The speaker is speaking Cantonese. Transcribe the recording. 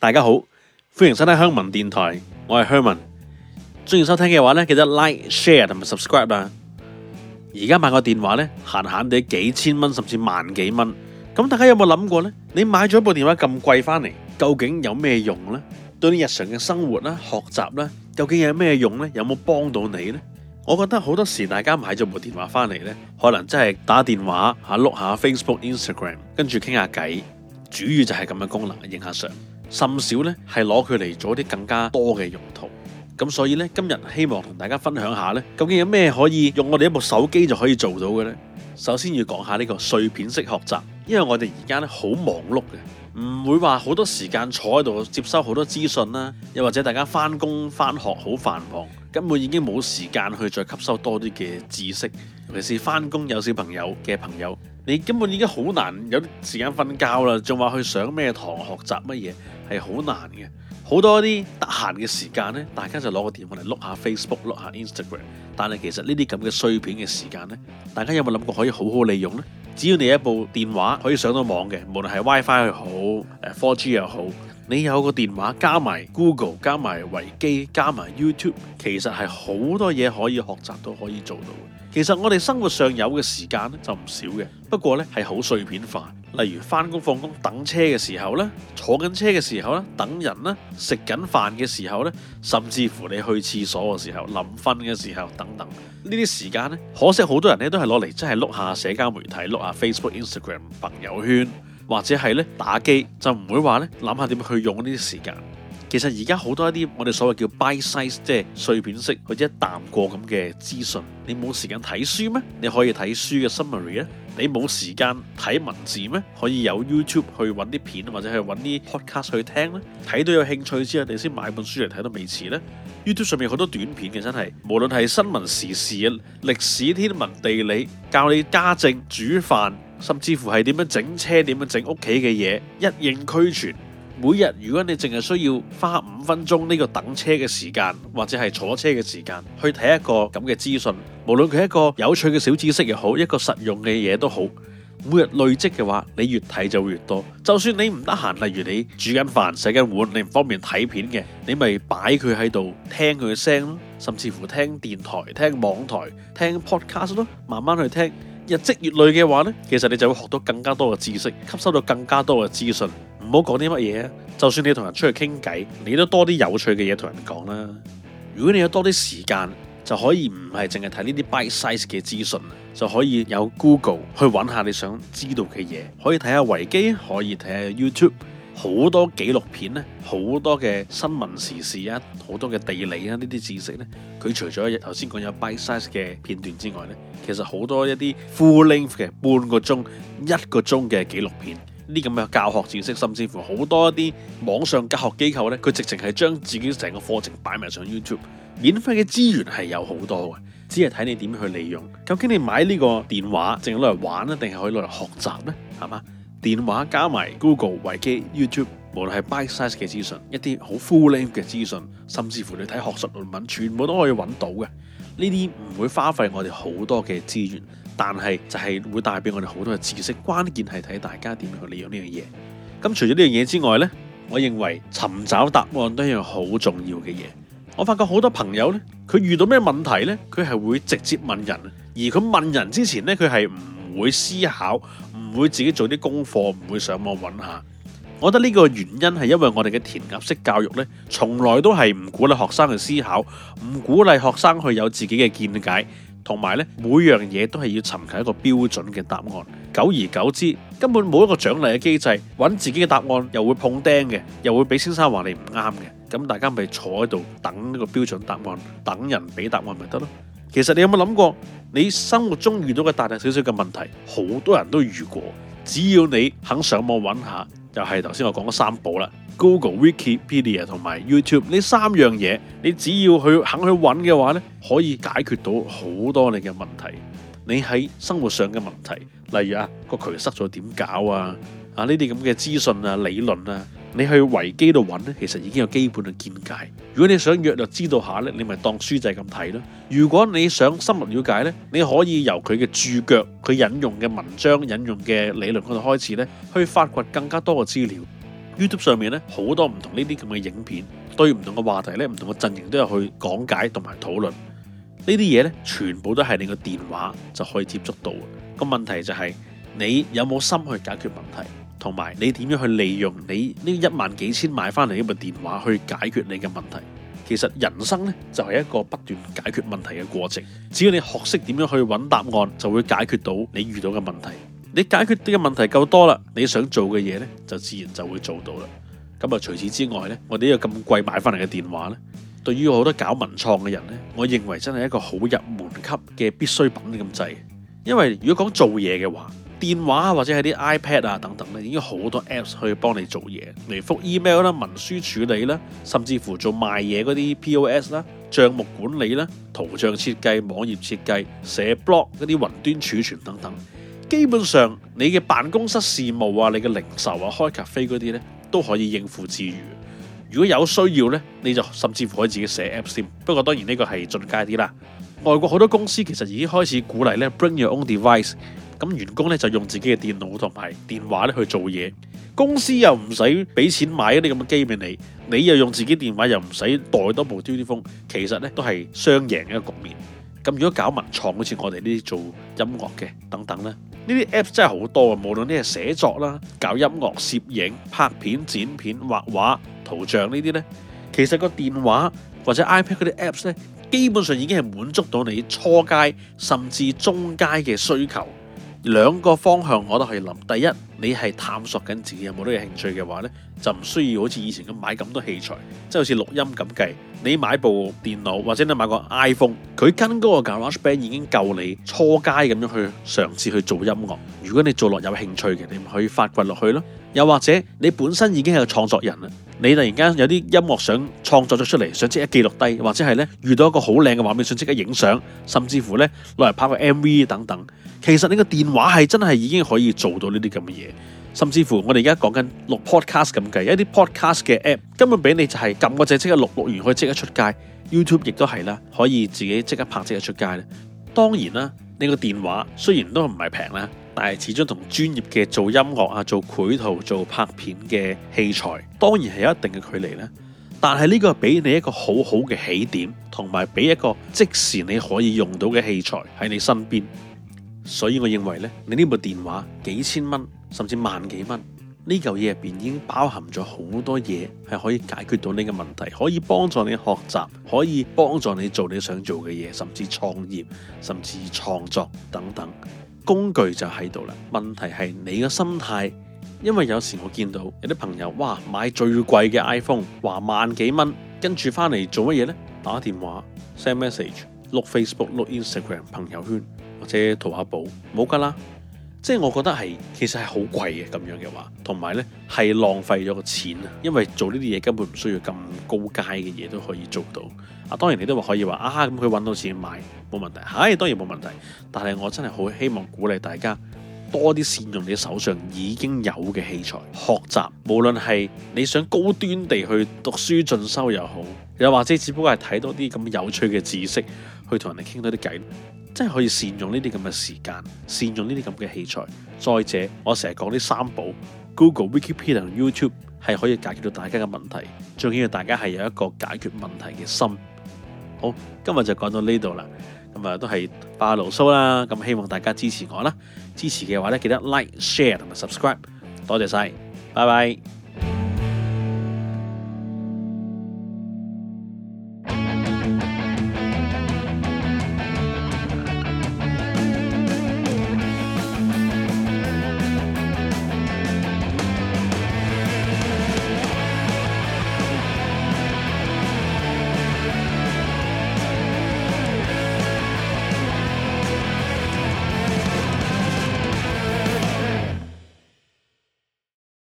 大家好，歡迎收聽香文電台。我係香文，中意收聽嘅話咧，記得 like、share 同埋 subscribe 啊。而家買個電話咧，閒閒哋幾千蚊，甚至萬幾蚊。咁大家有冇諗過咧？你買咗部電話咁貴翻嚟，究竟有咩用咧？對你日常嘅生活啦、啊、學習啦、啊，究竟有咩用咧？有冇幫到你咧？我覺得好多時大家買咗部電話翻嚟咧，可能真係打電話吓、碌下 Facebook、Instagram，跟住傾下偈。主要就係咁嘅功能，影下相。甚少咧，係攞佢嚟做啲更加多嘅用途。咁所以呢，今日希望同大家分享下呢，究竟有咩可以用我哋一部手機就可以做到嘅呢？首先要講下呢個碎片式學習，因為我哋而家咧，好忙碌嘅，唔會話好多時間坐喺度接收好多資訊啦。又或者大家翻工翻學好繁忙，根本已經冇時間去再吸收多啲嘅知識，尤其是翻工有小朋友嘅朋友。你根本已經好難有時間瞓覺啦，仲話去上咩堂學習乜嘢，係好難嘅。好多啲得閒嘅時間呢，大家就攞個電話嚟碌下 Facebook、碌下 Instagram。但係其實呢啲咁嘅碎片嘅時間呢，大家有冇諗過可以好好利用呢？只要你有一部電話可以上到網嘅，無論係 WiFi 又好，誒 4G 又好。你有個電話，加埋 Google，加埋維基，加埋 YouTube，其實係好多嘢可以學習，都可以做到。其實我哋生活上有嘅時間咧就唔少嘅，不過咧係好碎片化。例如翻工、放工、等車嘅時候咧，坐緊車嘅時候咧，等人啦，食緊飯嘅時候咧，甚至乎你去廁所嘅時候、臨瞓嘅時候等等，呢啲時間咧，可惜好多人咧都係攞嚟真係碌下社交媒體、碌下 Facebook、Instagram 朋友圈。或者係咧打機就唔會話咧，諗下點去用呢啲時間。其實而家好多一啲我哋所謂叫 bite size，即係碎片式或者一啖過咁嘅資訊。你冇時間睇書咩？你可以睇書嘅 summary 啊。你冇時間睇文字咩？可以有 YouTube 去揾啲片或者去揾啲 podcast 去聽咧、啊。睇到有興趣之後，你先買本書嚟睇都未遲咧。YouTube 上面好多短片嘅，真係無論係新聞時事、歷史、天文地理，教你家政煮飯。甚至乎係點樣整車，點樣整屋企嘅嘢，一應俱全。每日如果你淨係需要花五分鐘呢個等車嘅時間，或者係坐車嘅時間，去睇一個咁嘅資訊，無論佢一個有趣嘅小知識又好，一個實用嘅嘢都好。每日累積嘅話，你越睇就會越多。就算你唔得閒，例如你煮緊飯、洗緊碗，你唔方便睇片嘅，你咪擺佢喺度聽佢嘅聲咯。甚至乎聽電台、聽網台、聽 podcast 咯，慢慢去聽。日積月累嘅話呢，其實你就會學到更加多嘅知識，吸收到更加多嘅資訊。唔好講啲乜嘢，就算你同人出去傾偈，你都多啲有趣嘅嘢同人講啦。如果你有多啲時間，就可以唔係淨係睇呢啲 bite size 嘅資訊，就可以有 Google 去揾下你想知道嘅嘢，可以睇下維基，可以睇下 YouTube。好多紀錄片咧，好多嘅新聞時事啊，好多嘅地理啊，呢啲知識咧，佢除咗頭先講有 bite size 嘅片段之外咧，其實好多一啲 full length 嘅半個鐘、一個鐘嘅紀錄片，呢啲咁嘅教學知識，甚至乎好多一啲網上教學機構咧，佢直情係將自己成個課程擺埋上 YouTube，免費嘅資源係有好多嘅，只係睇你點去利用。究竟你買呢個電話，淨係攞嚟玩咧，定係可以攞嚟學習呢？係嘛？電話加埋 Google、維基、YouTube，無論係 big size 嘅資訊，一啲好 full name 嘅資訊，甚至乎你睇學術論文，全部都可以揾到嘅。呢啲唔會花費我哋好多嘅資源，但係就係會帶俾我哋好多嘅知識。關鍵係睇大家點樣去利用呢樣嘢。咁除咗呢樣嘢之外呢，我認為尋找答案都係一樣好重要嘅嘢。我發覺好多朋友呢，佢遇到咩問題呢，佢係會直接問人，而佢問人之前呢，佢係唔會思考。唔會自己做啲功課，唔會上網揾下。我覺得呢個原因係因為我哋嘅填鴨式教育呢，從來都係唔鼓勵學生去思考，唔鼓勵學生去有自己嘅見解，同埋呢，每樣嘢都係要尋求一個標準嘅答案。久而久之，根本冇一個獎勵嘅機制，揾自己嘅答案又會碰釘嘅，又會俾先生話你唔啱嘅。咁大家咪坐喺度等呢個標準答案，等人俾答案咪得咯。其實你有冇諗過？你生活中遇到嘅大大小小嘅問題，好多人都遇過。只要你肯上網揾下就係頭先我講咗三寶啦：Google、Wikipedia 同埋 YouTube 呢三樣嘢。你只要去肯去揾嘅話呢，可以解決到好多你嘅問題。你喺生活上嘅問題，例如啊個渠塞咗點搞啊，啊呢啲咁嘅資訊啊理論啊。你去維基度揾咧，其實已經有基本嘅見解。如果你想約略知道下咧，你咪當書仔咁睇咯。如果你想深入了解咧，你可以由佢嘅注腳、佢引用嘅文章、引用嘅理論度開始咧，去發掘更加多嘅資料。YouTube 上面咧，好多唔同呢啲咁嘅影片，對唔同嘅話題咧、唔同嘅陣型都有去講解同埋討論。這些呢啲嘢咧，全部都係你個電話就可以接觸到嘅。個問題就係、是、你有冇心去解決問題？同埋你點樣去利用你呢一萬幾千買翻嚟，呢部電話去解決你嘅問題？其實人生呢，就係一個不斷解決問題嘅過程。只要你學識點樣去揾答案，就會解決到你遇到嘅問題。你解決啲嘅問題夠多啦，你想做嘅嘢呢，就自然就會做到啦。咁啊除此之外呢，我哋呢個咁貴買翻嚟嘅電話呢，對於好多搞文創嘅人呢，我認為真係一個好入門級嘅必需品咁制。因為如果講做嘢嘅話，電話或者係啲 iPad 啊等等咧，已經好多 Apps 去幫你做嘢，嚟覆 email 啦、文書處理啦，甚至乎做賣嘢嗰啲 POS 啦、帳目管理啦、圖像設計、網頁設計、寫 blog 嗰啲雲端儲存等等。基本上你嘅辦公室事務啊、你嘅零售啊、開咖啡嗰啲咧都可以應付自如。如果有需要咧，你就甚至乎可以自己寫 Apps 先。不過當然呢個係進階啲啦。外國好多公司其實已經開始鼓勵咧，Bring your own device。咁員工咧就用自己嘅電腦同埋電話咧去做嘢，公司又唔使俾錢買一啲咁嘅機俾你，你又用自己電話又唔使代多部 duty phone，其實咧都係雙贏嘅局面。咁如果搞文創，好似我哋呢啲做音樂嘅等等咧，呢啲 apps 真係好多啊。無論你係寫作啦、搞音樂、攝影、拍片、剪片、畫畫、圖像呢啲咧，其實個電話或者 iPad 嗰啲 apps 咧，基本上已經係滿足到你初階甚至中階嘅需求。兩個方向我都可以諗。第一，你係探索緊自己有冇啲嘢興趣嘅話呢，就唔需要好似以前咁買咁多器材，即係好似錄音咁計。你買部電腦或者你買個 iPhone，佢跟嗰個 GarageBand 已經夠你初階咁樣去嘗試去做音樂。如果你做落有興趣嘅，你咪可以發掘落去咯。又或者你本身已經係個創作人啦。你突然間有啲音樂想創作咗出嚟，想即刻記錄低，或者係咧遇到一個好靚嘅畫面，想即刻影相，甚至乎咧攞嚟拍個 MV 等等。其實你個電話係真係已經可以做到呢啲咁嘅嘢，甚至乎我哋而家講緊錄 podcast 咁計，一啲 podcast 嘅 app 根本俾你就係、是、撳個掣，即刻錄，錄完可以即刻出街。YouTube 亦都係啦，可以自己即刻拍即刻出街啦。當然啦，你個電話雖然都唔係平啦。但係始終同專業嘅做音樂啊、做繪圖、做拍片嘅器材，當然係有一定嘅距離咧。但係呢個係俾你一個好好嘅起點，同埋俾一個即時你可以用到嘅器材喺你身邊。所以我認為呢，你呢部電話幾千蚊，甚至萬幾蚊呢嚿嘢入邊已經包含咗好多嘢，係可以解決到你嘅問題，可以幫助你學習，可以幫助你做你想做嘅嘢，甚至創業，甚至創作等等。工具就喺度啦。問題係你嘅心態，因為有時我見到有啲朋友哇買最貴嘅 iPhone，話萬幾蚊，跟住返嚟做乜嘢呢？打電話、send message、碌 Facebook、碌 Instagram 朋友圈，或者淘下寶冇㗎啦。即係我覺得係，其實係好貴嘅咁樣嘅話，同埋呢係浪費咗個錢啊！因為做呢啲嘢根本唔需要咁高階嘅嘢都可以做到。啊，當然你都話可以話啊，咁佢揾到錢買冇問題，唉，當然冇問題。但係我真係好希望鼓勵大家多啲善用你手上已經有嘅器材，學習無論係你想高端地去讀書進修又好，又或者只不過係睇多啲咁有趣嘅知識，去同人哋傾多啲偈。真係可以善用呢啲咁嘅時間，善用呢啲咁嘅器材。再者，我成日講呢三寶，Google、Wikipedia 同 YouTube 係可以解決到大家嘅問題。最緊要大家係有一個解決問題嘅心。好，今日就講到呢度啦。咁啊，都係發下牢騷啦。咁希望大家支持我啦。支持嘅話咧，記得 Like、Share 同埋 Subscribe。多謝晒，拜拜。